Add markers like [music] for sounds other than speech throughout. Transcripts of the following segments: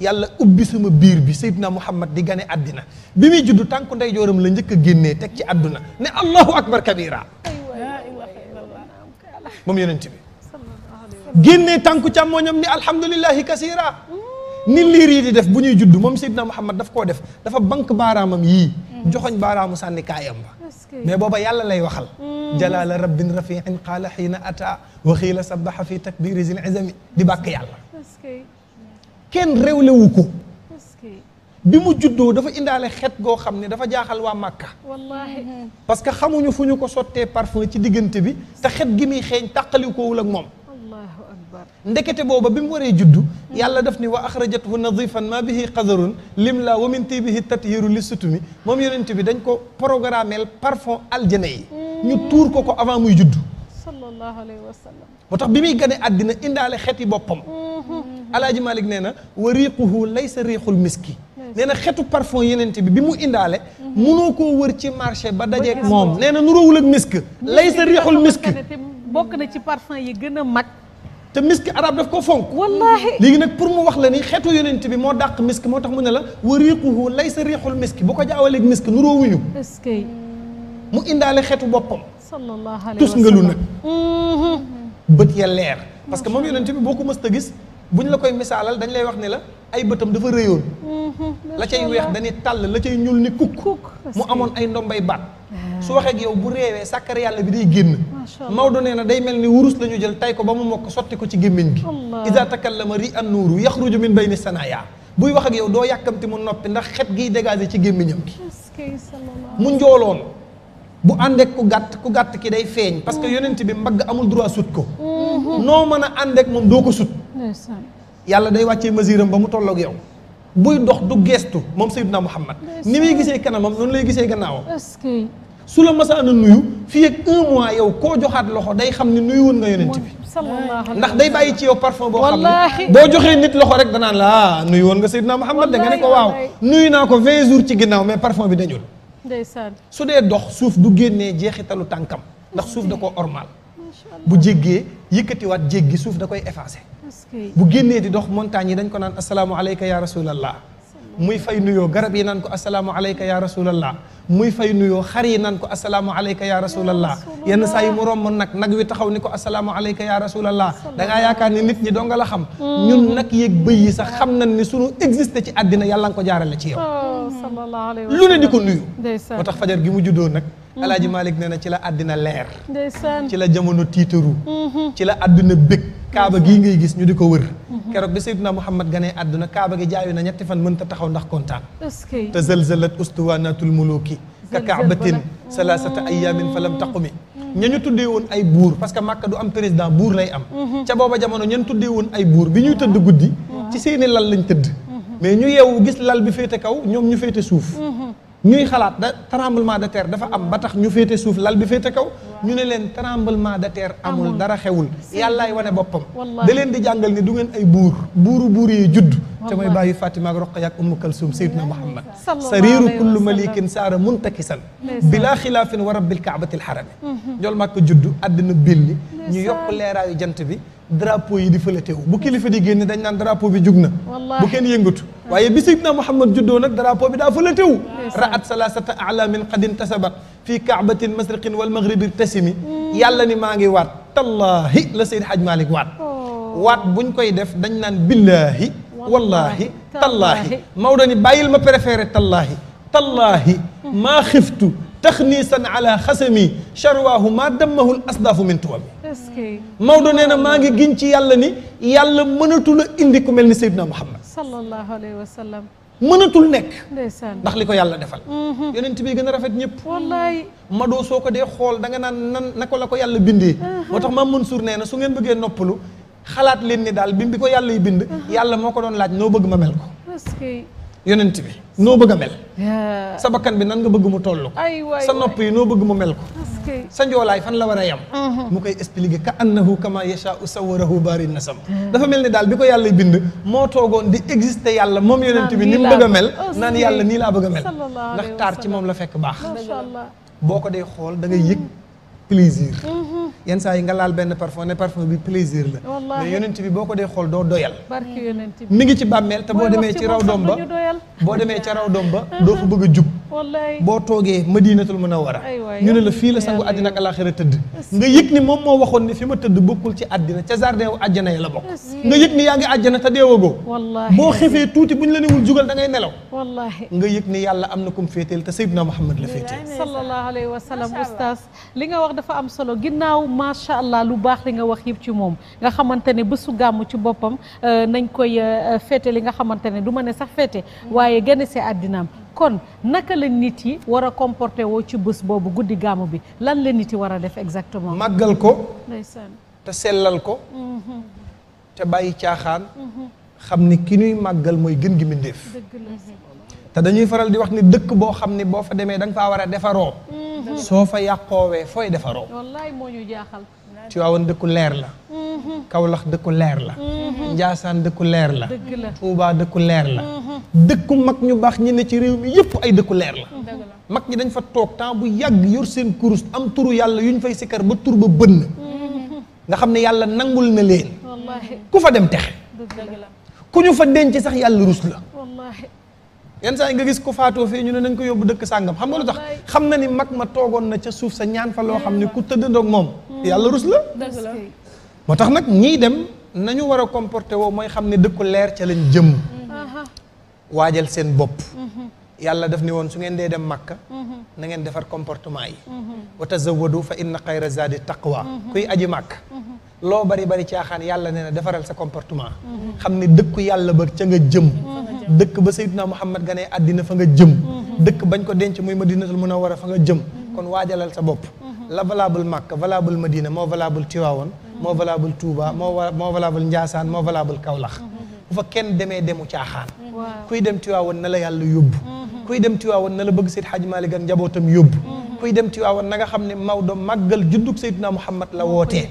yàlla ubbi sama biir bi na Muhammad di gane àddina bi muy juddu tànku ndeyjooram la njëkk a génnee teg ci àdduna ne allahu akbar kabira moom yonent bi génnee tànku càmmooñam ni alhamdulillahi kasira ni liir yi di def bu ñuy judd moom na Muhammad daf koo def dafa bank baaraamam yii joxoñ baaraamu sànni kaayam ba mais booba yàlla lay waxal jalaala rabbin rafiin qaala xiina ata wa xiila sabaxa fi takbiri zil izami di bàkk yàlla kenn réewle wu ko bi mu juddoo dafa indaale xet goo xam ne dafa jaaxal waa Màkka wallaahi mm-hmm. parce que xamuñu fu ñu ko sottee parfum ci diggante bi te xet gi muy xeeñ tàqalikoowul ak moom allahu akbar ndekete booba bi mu waree juddu mm-hmm. yàlla def ni wa axrajathu nadifan ma bihi qadarun lim la wa min tibihi tathiru li sutumi moom yonent bi dañ ko programmeel parfum aljana yi ñu mm-hmm. tuur ko ko avant muy juddu sallallahu moo tax bi muy gane àddina indaale xet yi boppam alaaji Malick nee na wa riiquhu laysa riixul miski nee na xetu parfum yenente bi bi mu indaale mhm. munoo koo wër ci marché ba dajeeg moom nee na nuroowul ak misk laysa riixul misk bokk na ci parfum yi gën a mag te miski araab daf ko fonk wallaahi léegi nag pour mu wax la ni xeetu yonent bi moo dàq misk moo tax mu ne la wa riiquhu laysa riixul misk boo ko jaawaleeg misk nuroowuñu est-ce que mu indaale xeetu boppam sallallahu alayhi wa sallam tus nga lu nag mhm. bët ya leer parce que moom yonent bi boo ko mës a gis bu ñu la koy misaalal dañ lay wax ne la ay bëtam dafa rëyoon. Mhm. la cay weex dañuy tàll la cay ñuul ni kukk. mu amoon ay ndombay baat. Ah. su waxee ak bu réewee sàkkar yàlla bi day génn. Maodo nee na day mel ni wurus la jël tay ko ba mu mokk sotti ko ci gémmiñ gi. iza takallama ri an nuuru yaxruju min bayni sanaya buy wax ak yow doo yàkkamti mu noppi ndax xet giy dégagé ci gémmiñam gi. mu njooloon bu àndeek ku gàtt ku gàtt ki day feeñ. parce que mm. yonent bi mbagg amul droit sut ko. Mm. noo mën a ànd ak moom doo ko sut yàlla day wàccee mesure am ba mu tolloog yow buy dox du geestu moom Seydina Muhammad ni may gisee kanamam noonu lay gisee gannaawam su la masaan a nuyu fii ak un mois yow koo joxaat loxo day xam ne nuyu woon nga yonent bi ndax day bàyyi ci yow parfum boo xam joxee nit loxo rek danaan la ah nuyu woon nga Seydina Muhammad da nga ne ko waaw nuyu naa ko vingt jours ci ginnaaw mais parfum bi dañul su dee dox suuf du génnee jeexitalu tànkam ndax suuf da ko ormal bu jéggee yëkkatiwaat gi suuf da koy effacé bu génnee di dox montagne yi dañ ko naan asalaamu aleyka ya rasulallah muy fay nuyoo garab yi naan ko asalaamu aleyka ya rasulallah muy fay nuyoo xar yi naan ko asalaamu aleyka ya rasulallah yenn saa yi mu romb nag nag wi taxaw ni ko asalaamu aleyka ya rasulallah da ngaa yaakaar ni nit ñi doo nga la xam mm-hmm. ñun nag yéeg bëy yi sax xam na ni sunu existe ci àddina yàlla nga ko jaarale ci yow oh, lu ne di ko nuyu moo tax fajar gi mu juddoo nag Mm-hmm. alaaji Malick nee na ci la àddina leer ci la jamono tiitaru mm-hmm. ci la àdduna bëgg kaaba gii ngay gis ñu di ko wër mm-hmm. keroog bi Seydina Muhammad ganee àdduna kaaba gi jaayu na ñetti fan mënta taxaw ndax kontaan te zalzalat ustuwanatul muluki ka kaabatin salasata ayamin fa lam taqumi ña ñu tuddee woon ay buur parce que Makka du am président buur lay am ca booba jamono ñan tuddee woon ay buur bi ñuy tëdd guddi ci seeni lal lañ tëdd mais ñu yeewu gis lal bi féete kaw ñoom ñu féete suuf ñuy xalaat da tremblement de terre dafa am ba tax ñu féete suuf lal bi féete kaw ñu ne leen tremblement de terre amul dara xewul yàllaay wane boppam da leen di jàngal ni du ngeen ay buur buuru buur yi judd te may bàyyi Fatima ak Roqaya ak Ummu Kalsum Seydina Muhammad sariiru kullu malikin saara muntakisan bilaa xilaafin wa rabbil kaabatil harami mhm. njool màkk judd àddina billi ñu yokk leeraayu jant bi drapeau yi di fëletewu bu kilifa di génn dañ naan drapeau bi jug na bu kenn yëngatu waaye bi Seydina Muhammad juddoo nag drapeau bi daa fëletewu raat salasata alamin qadin tasabat fii kaabatin masriqin wal maghribi tasimi yàlla ni maa ngi waat tallaahi la Seyd Haj Malick waat oh. waat buñ koy def dañ naan billaahi wallaahi tallaahi Maodo ni bàyyil ma préféré tallaahi tallaahi hmm. maa xiftu taxniisan ala xasami charwaahu maa dammahul asdaafu min tuwam Maodo nee na maa ngi giñ ci yàlla ni yàlla mënatula indi ku mel ni Seydina Muhammad sallallahu alayhi wa sallam mënatul nekk ndax li ko yàlla defal mhm. yonent bi gën a rafet ñëpp wallaay madoo soo ko dee xool da nga naan nan naka la ko yàlla bindee mhm. moo tax Maam Mansour nee na su ngeen bëggee noppalu xalaat leen ni daal bi bi ko yàlla yi bind mhm. yàlla moo ko doon laaj noo bëgg ma mel ko yonent bi noo bëgg a mel sa bakkan bi nan nga bëgg mu toll ko sa nopp yi noo bëgg mu mel ko sa njoolaay fan la war a yem mm-hmm. mu koy expliquer ka annahu kama yashaa'u sawwarahu baarin nasam dafa mel ni daal bi ko yàlla bind moo toogoon di exister yàlla moom yonent bi ni mu bëgg a mel naan yàlla oh, nii laa bëgg a mel ndax taar ci moom la fekk baax boo ko dee xool da ngay yëg plaisir. Mhm. yenn saa yi nga laal benn parfum ne parfum bi plaisir la. mais yonent bi boo ko dee xool doo doyal. barke yonent bi mi ngi ci bàmmeel te boo demee ci raw doom ba boo demee ci raw doom ba doo fa bëgg a jub. boo toogee ma a madinatul munawwara ñu ne la fii la sangu àddina ak alaaxira tëdd nga yëg ni moom moo waxoon ni fi ma tëdd bokkul ci àddina ca jardin wu àjjana yi la bokk nga yëg ni yaa ngi àjjana te deewagoo boo xefee tuuti bu ñu la newul jugal da ngay nelaw nga yëg ni yàlla am na kum féeteel te sayyidna muhammad la féeteel sallallahu alayhi wa sallam oustaz li nga wax dafa am solo ginnaaw macha allah lu baax li nga wax yëpp ci moom nga xamante ne bésu gàmm ci boppam euh, nañ koy euh, féete li nga xamante ne du ma ne sax féete mm. waaye gane see àddinaam kon naka la nit yi war a comporté woo ci bés boobu guddi gaamu bi lan la nit yi war a def exactement. màggal ko. te sellal ko. Mm-hmm. te bàyyi caaxaan. Mm-hmm. xam ni ki ñuy màggal mooy gën gi mbindéef. te dañuy faral di wax ni dëkk boo xam ni boo fa demee da faa war a defaroo. Mm-hmm. soo fa yàqoowee fooy defaroo. wallaay moo ñu jaaxal. Tiwaawan dëkku leer la mm-hmm. Kawlax dëkku leer la mm-hmm. Njaasaan dëkku leer la Tuubaa dëkku leer la mm-hmm. dëkku mag ñu baax ñi ne ci réew mi yëpp ay dëkku leer la mag ñi dañ fa toog temps bu yàgg yor seen kurus am turu yàlla yu ñu fay sikkar ba tur ba bënn nga xam ne yàlla nangul na leen ku fa dem texe ku ñu fa denc sax yàlla rus la yenn saa yi nga gis ko faatoo fii ñu ne nañ ko yóbbu dëkk sàngam xam nga lu tax xam na ni mag ma toogoon na ca suuf sa ñaan fa loo xam ne ku tëddandoog moom hmm. yàlla rus la moo tax nag ñii dem nañu war a comporté woo mooy xam ne dëkku leer ca lañ jëm waajal seen bopp hmm. yàlla daf ni woon su ngeen dee dem màkka hmm. na ngeen defar comportement yi wa tazawadu fa inna xayra zadi taqwa kuy aji màkk loo bari bari caaxaan yàlla nee na defaral sa comportement xam ne dëkku yàlla ba ca nga jëm dëkk ba Seydina Muhammad gane àddina fa nga jëm mhm. dëkk bañ ko denc muy Madinatul Munawwara fa nga jëm mhm. kon waajalal sa bopp mhm. la valable Makka valable Madina moo valable Tiwaawoon moo valable Touba moo moo valable Njaasaan moo valable Kaolack bu fa kenn demee demu caaxaan kuy dem Tiwaawoon na la yàlla yóbbu kuy dem Tiwaawoon na la bëgg Seydi Hadji Malick ak njabootam yóbbu kuy dem Tiwaawan na nga xam ne Maodo màggal juddug Seydina Muhammad la wootee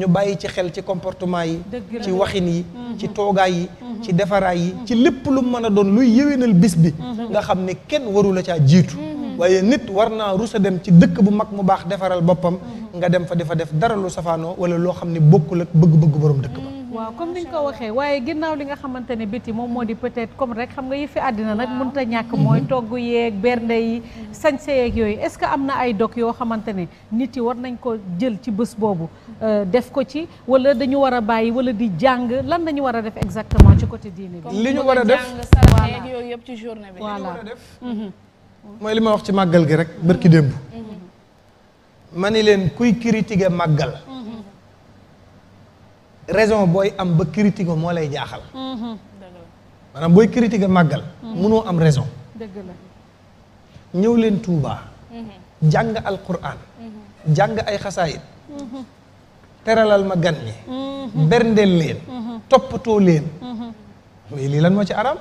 ñu bàyyi ci xel ci comportement yi ci waxin yi mhm. ci toogaay yi mhm. ci defaraay yi ci lépp lu mën a doon luy yéwénal bis bi mhm. nga xam ne kenn waru la caa jiitu waaye nit war naa rusa dem ci dëkk bu mag mu baax defaral boppam nga dem fa di fa def dara lu safaanoo wala loo xam ne bokkul ak bëgg-bëgg borom dëkk ba waaw comme ni nga ko waxee waaye ginnaaw li nga xamante ne biti moom moo di peut-être comme rek xam nga yi fi àddina nag mënut a ñàkk mooy togg yeeg bernde yi sañse yeeg yooyu est-ce que am na ay dog yoo xamante ne nit yi war nañ ko jël ci bës boobu euh, def ko ci wala dañu war a bàyyi wala di jàng lan nañu war a def exactement ci côté diine bi li ñu war a def yooyu yëpp ci journée bi voilà mhm. mooy li ma wax ci màggal gi rek bërki démb mhm. ma ni leen kuy critiquer màggal mhm. raison booy am ba critique moo lay jaaxal. Mhm. maanaam booy critiquer màggal. Mhm. munoo am raison. dëgg la ñëw leen Touba. Mhm. jàng Alquran. ay xasaayit. teralal ma gan ñi. berndeel leen. toppatoo leen. mais lii lan moo ci aram.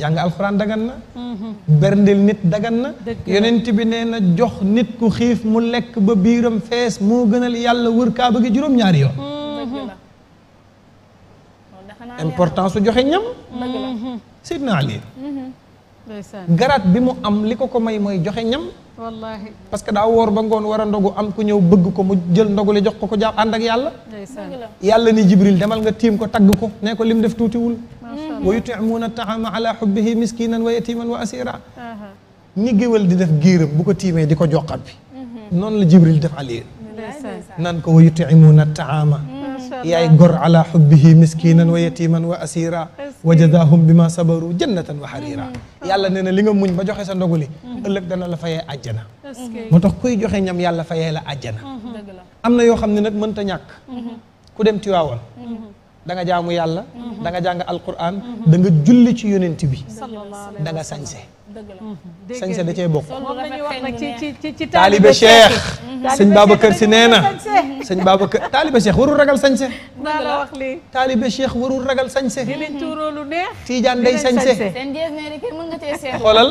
jàng alxuraan dagan na mm-hmm. berndeel nit dagan na yonent bi nee na jox nit ku xiif mu lekk ba biiram fees moo gënal yàlla wër kaa bëgg juróom-ñaari yoon mm-hmm. importance su joxe ñam mm-hmm. sidna Ali garaat bi mu am li ko ko may mooy joxe ñam wallaahi parce que daa woor ba ngoon war a ndogu am ku ñëw bëgg ko mu jël ndogu li jox ko ko jàpp ànd ak yàlla yàlla ni Jibril demal nga tiim ko tagg ko ne ko lim def tuutiwul wa yutimuuna a ala xubbihi miskinan wa yatiman wa asira di def géeram bu ko tiimee di ko joxat bi mm-hmm. noonu la jibril def aliin nan ko wa yutimuuna taama yaay gor ala xubbihi miskinan wa yatiman wa asira wa jazahum bima sabaru jannatan wa harira mm-hmm. yàlla nee na li nga muñ ba joxe sa ndogu li mm-hmm. ëllëg la fayee àjjana moo tax kuy joxe ñam yàlla fayee la àjjana am na yoo xam ne nag mënta ñàkk ku dem Tiwaawan danga nga jaamu yàlla mhm. da nga jàng alquran da nga julli ci yonent bi da nga sañse mhm. sañse da cee bokk taalibe cheikh mhm. sëñ Babacar si nee na sëñ Babacar taalibe cheikh warul ragal sañse taalibe cheikh warul ragal sañse tiijaan day sañse xoolal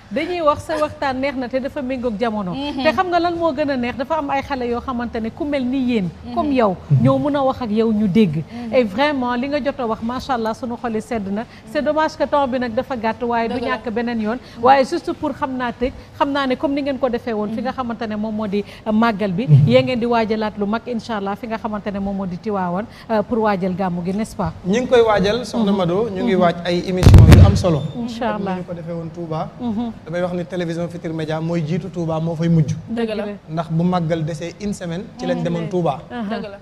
dañuy wax sa waxtaan neex na te dafa méngoog jamono. Mhm. te xam na lan moo gën a neex dafa am ay xale yoo xamante ne ku mel ni yéen. Mhm. comme yow mhm. ñoo mën a wax ak yow ñu dégg. et vraiment li nga jot a wax macha allah sunu xoli sedd na c'est dommage que temps bi nag dafa gàtt waaye du ñàkk beneen yoon. waaye juste pour xam naa tëj xam naa ne comme ni ngeen ko defee woon. fi nga xamante ne moom moo di màggal bi. yee ngeen di waajalaat lu mag incha allah fi nga xamante ne moom moo di tiwaawan euh, pour waajal gàmmu gi n'est-ce ngi koy waajal soxna Mado ñu ngi waaj ay émission am solo. incha ko defee woon Touba. damay wax ni télévision Futurs Médias mooy jiitu Touba moo fay mujj. dëgg la ndax bu màggal desee une semaine. ci lañ demoon Touba.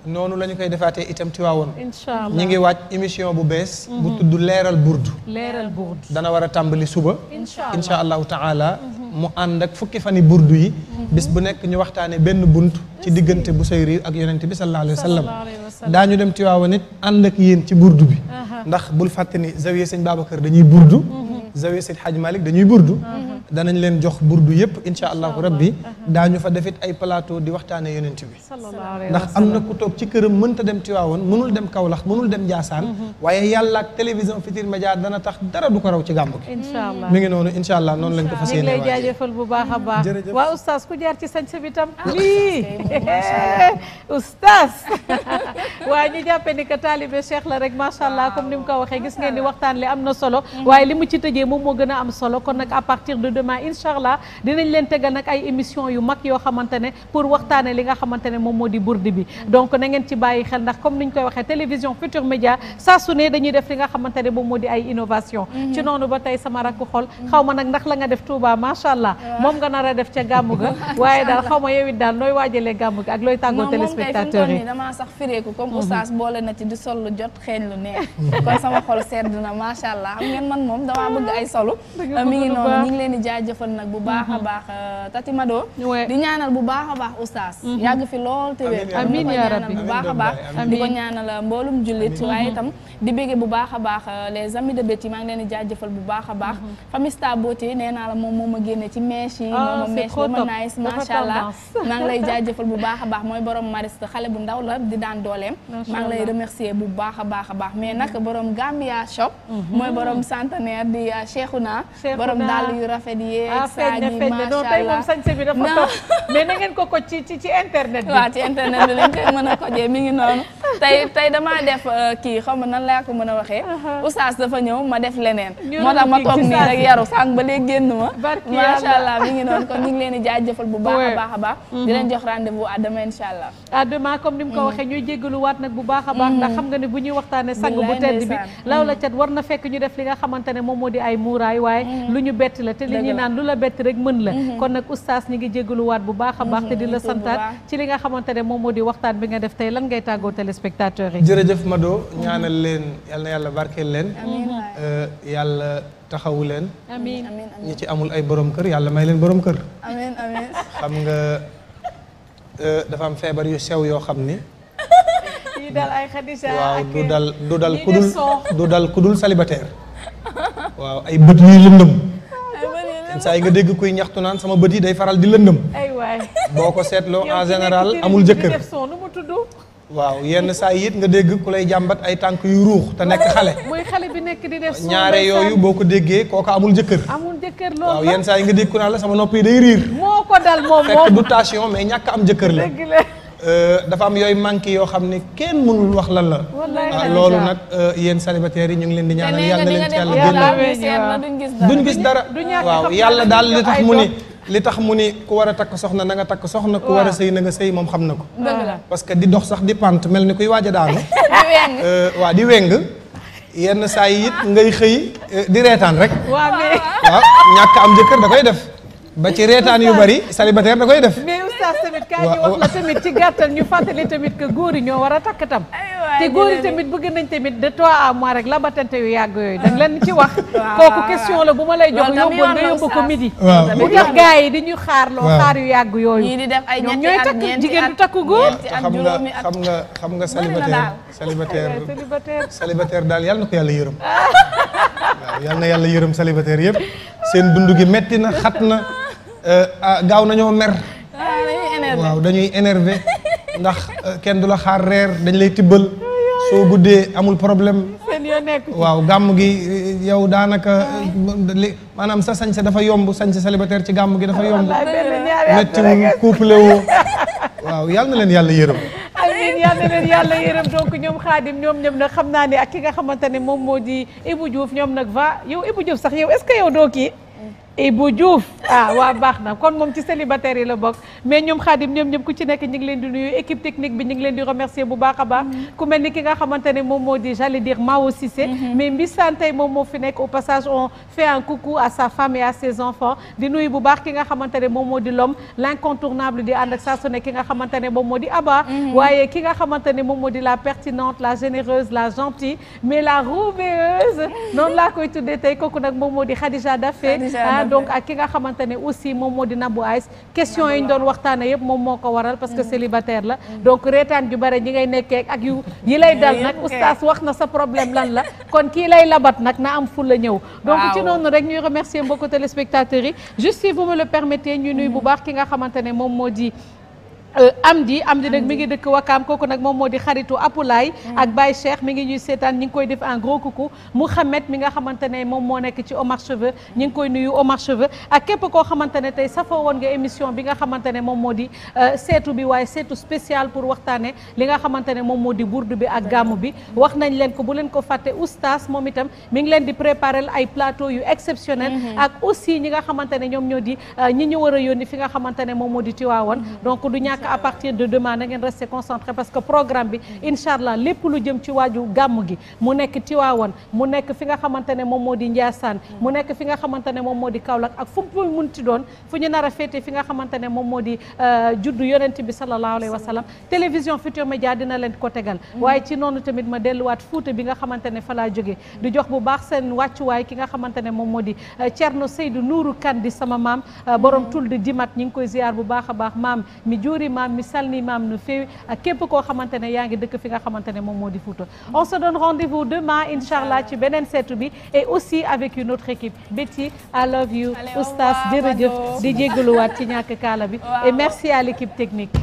noonu la ñu koy defaatee itam Tiwaawoon. incha allah ñu ngi waaj émission bu bees. bu mhm. tudd leeral burdu. leeral burdu dana war a tàmbali suba. incha allahu taala mhm. mu ànd ak fukki fani burdu yi. Mhm. bis bu nekk ñu waxtaanee benn bunt. ci diggante bu Busayri ak yonent bi sallallahu alayhi wa sallam. daañu dem Tiwaawoon it ànd ak yéen ci burdu bi. ndax bul fàtte ni zawiya sëñ kër dañuy burdu. zawiya Seydi Hadji Malick dañuy burdu mm-hmm. danañ leen jox burdu yëpp incha allahu rabbi daañu fa defit ay plateau di waxtaane yonent bi ndax am na ku toog ci këram mënta dem Tiwaawoon mënul dem kaw Kaolack mënul dem Njaasaan mhm. waaye yàlla ak télévision Futurs Médias dana tax dara du ko raw ci gàmmu gi mi ngi noonu incha allah noonu lañ ko fas yéene bu baax a baax waa oustaz ku jaar ci sañse bi tam lii ah, oustaz [laughs] [laughs] waa ñu jàppe ni que la rek macha allah comme ni mu ko waxee gis ngeen ni waxtaan li am na solo mhm. waaye li mu ci tëjee moom moo gën a am solo kon nag demain incha allah dinañ leen tegal nag ay émission yu mag yoo xamante ne pour waxtaane li nga xamante ne moom moo di burdi bi donc na ci bàyyi xel ndax comme ni ñu koy waxee télévision Futurs Médias saa ne dañuy def li nga xamante ne moom moo di ay innovation mhm. ci noonu ba tey sama rakk ma nag ndax la nga a def ca gàmmu [laughs] xaw ma yow it nooy waajalee gàmmu ga ak looy tàggoo téléspectateurs yi damaa sax fireeku comme mhm. oustaz boole na ci di sol lu na macha allah xam ngeen man moom damaa bëgg ay solu mi ngi noonu jaajëfal nag bu baax a mhm. baax euh, Tati Mado di ñaanal bu baax a baax oustaz mhm. yàgg fi lool te wér amiin yaa rabbi bu baax a baax di ko ñaanal euh, mboolum jullit waaye mhm. itam di bége bu baax a baax euh, les amis de Betty maa ngi leen di jaajëfal bu baax a baax famista beauté nee la moom moo ma génne ci mèche yi ah, moo ma mèche ba ma nice macha allah [laughs] maa ngi lay jaajëfal bu baax a baax mooy borom mariste xale bu ndaw la di daan dooleem maa ngi lay remercier bu baax a baax a baax mais nag borom Gambia shop mooy borom centenaire rafet yeeg. ah feeñ na feeñ na non tey moom sañse bi dafa toog mais na ngeen ko ko ci ci ci internet a euh, kojee ma nan laa ko mën a uh-huh. ma ma toog ba léegi génn ma. macha allah mi ngi noonu kon ñu ngi leen di jaajëfal bu baax a baax a baax. Mm-hmm. di ni mu mm-hmm. ñuy jéggaluwaat a mm-hmm. ne sang bu tedd bi law la cat war na fekk ñu def li nga xamante moom moo di ay muuraay waaye lu ñu bett la ñi naan lu la bett rek mën la mm-hmm. kon nag oustaz ñi ngi jégaluwaat bu baax a baax te di la mm-hmm. santaat ci li nga xamante ne moom moo di waxtaan bi nga def tey lan ngay tàggoo téléspectateurs yi jërëjëf Mado ñaanal leen yal yàlla barkeel leen euh, yàlla taxawu leen amiin ñi ci amul ay boroom kër yàlla may leen boroom kër amiin amiin xam nga euh, dafa am feebar yu sew yoo xam ni [laughs] ay xadisa waaw du dal du dal kudul du dal kudul célibataire [laughs] waaw ay bët yuy lëndëm saa yi nga dégg kuy ñaxtu naan sama bët yi day faral di lëndëm. ay waay boo ko seetloo en général amul jëkkër waaw yenn saa yi nga dégg ku lay jàmbat ay tànk yu ruux te nekk xale. bi nekk di def ñaare yooyu boo ko déggee kooka amul jëkkër. amul waaw yenn saa yi nga dégg ko naan la sama nopp yi day riir. moo ko dal moom fekk du tension mais ñàkk am jëkkër la. Euh, dafa am yooyu manqué yoo xam ne kenn mënul wax lan la. Ah, loolu nag euh, yéen célibataires yi ñu ngi leen di ñaanal yàlla na leen ci yàlla génn duñ gis dara waaw yàlla daal li tax mu ni li tax mu ni ku war a takk soxna na nga takk soxna ku war a sëy na nga sëy moom xam na ko parce que di dox sax di pant mel ni kuy waaj a daanu [laughs] euh, waaw di weng yenn saa yi ngay xëy di reetaan rek waaw ñàkk am jëkkër da koy def ba ci reetaan yu bari célibataire da koy def oustaz tamit kaay ñu wax la tamit ci gàttal ñu fàttali tamit que góor ñoo war a takk tam te góor yi tamit bëgg nañ tamit de trois à mois rek la batante yu yàgg yooyu dañ leen ci wax [laughs] kooku question la bu ma lay jox yóbbu nga yóbbu ko midi bu di ñu xaar loo xaar yu yàgg yooyu ñoom ñooy takk jigéen du takk góor xam nga xam nga xam nga célibataire [laughs] célibataire célibataire daal yàlla na ko yàlla yërëm waaw yàlla na yàlla yërëm célibataire yëpp seen dund gi metti na xat na euh, ah, gaaw nañoo mer waaw dañuy énervé ndax euh, kenn du la xaar reer dañ lay tibbal soo guddee amul problème waaw gàmm gi euh, yow daanaka euh, li maanaam sa sañse dafa yomb sañse célibataire ci gàmm gi dafa yomb méttiwul couple woo waaw yal na leen yàlla yërëm yàlla leen yàlla yërëm donc ñoom xaadim ñoom ñoom nag xam naa ni ak ki nga xamante ne moom moo di Ibou Diouf ñoom nag va yow Ibou Diouf sax yow est-ce que yow doo kii e Diouf ah waa baax na kon moom ci célibataire yi la bokk mais ñoom Xaadim ñoom ñëpp ku ci nekk ñu ngi leen di nuyu équipe technique bi ñu ngi leen di remercier bu baax a mm-hmm. ku mel ni ki nga xamante ne moom moo di j'allais dire Mao Cissé mm-hmm. mais Mbissane tey moom moo fi nekk au passage on fait un coucou à sa femme et ses enfants di nuyu bu baax ki nga xamante ne moom moo di l'homme l'incontournable di ànd ak saa ki nga xamante ne moom moo di Abba mm-hmm. waaye ki nga xamante ne moom moo di la pertinente la la gentille mais la rouvéeuse noonu laa koy tuddee tey kooku moom moo donc ak ki nga xamante ne aussi moom moo di Nabou Aïs question yi doon waxtaane yëpp moom moo ko waral parce que mm. célibataire la mm. donc reetaan ju bare ñi ngay nekkee ak yu yi lay dal mm. nag oustaz wax na sa problème lan la kon kii lay labat nag na am fu la ñëw donc ci noonu rek ñuy remercier mbokku téléspectateurs yi juste si vous me le permettez ñu nuy bu baax ki nga xamante ne moom moo ji am euh, Amdi Amdi nag mi ngi dëkk Wakaam kooku nag moom moo di xaritu Apulaay mm. ak Baye Cheikh mi ngi ñuy seetaan ñi ngi koy def en gros coucou Mouhamed mi nga xamante ne moom moo nekk ci Omar Cheveux ñi ngi koy nuyu Omar ak képp koo xamante ne tey safoo woon nga émission bi nga xamante ne moom moo di euh, seetu bi waaye seetu spécial pour waxtaane li nga xamante ne moom moo di burdu bi ak gàmmu bi wax nañ leen ko bu leen ko fàtte oustaz moom itam mi ngi leen di préparer ay plateau yu exceptionnel mm-hmm. ak aussi ñi nga xamante ne ñoom ñoo di euh, ñi ñu war a yónni fi nga xamante ne moom moo di Tiwaawan mm-hmm. donc nag à partir de demain na ngeen rester concentré parce que programme bi incha allah lépp lu jëm ci waaju gàmm gi mu nekk Tiwaawan mu nekk fi nga xamante ne moom moo di Njaasaan mu nekk fi nga xamante ne moom moo di Kaolack ak fu mu munti doon ñu nar a fi nga xamante ne moom moo di euh, juddu yonent bi sallallahu alayhi wa sallam télévision Futurs Médias dina leen ko tegal mm-hmm. waaye ci noonu tamit ma delluwaat Fuuta bi nga xamante ne fa jógee di jox bu baax seen wàccuwaay ki nga xamante ne moom moo di Cerno euh, Seydou Nuuru Kan di sama maam euh, borom mm-hmm. tul di dimat ñi ngi koy ziar bu baax a baax maam maam mi salni mam no fewi ak képp koo xamante ne yaa ngi dëkk fi nga xamante ne moom moo di Fouta on se donne rendez-vous demain inchallah ci beneen seetu bi et aussi avec une autre équipe Betty I love you oustaz jërëjëf di jégaluwaat ci ñàkk kaala bi [laughs] et merci à l'équipe technique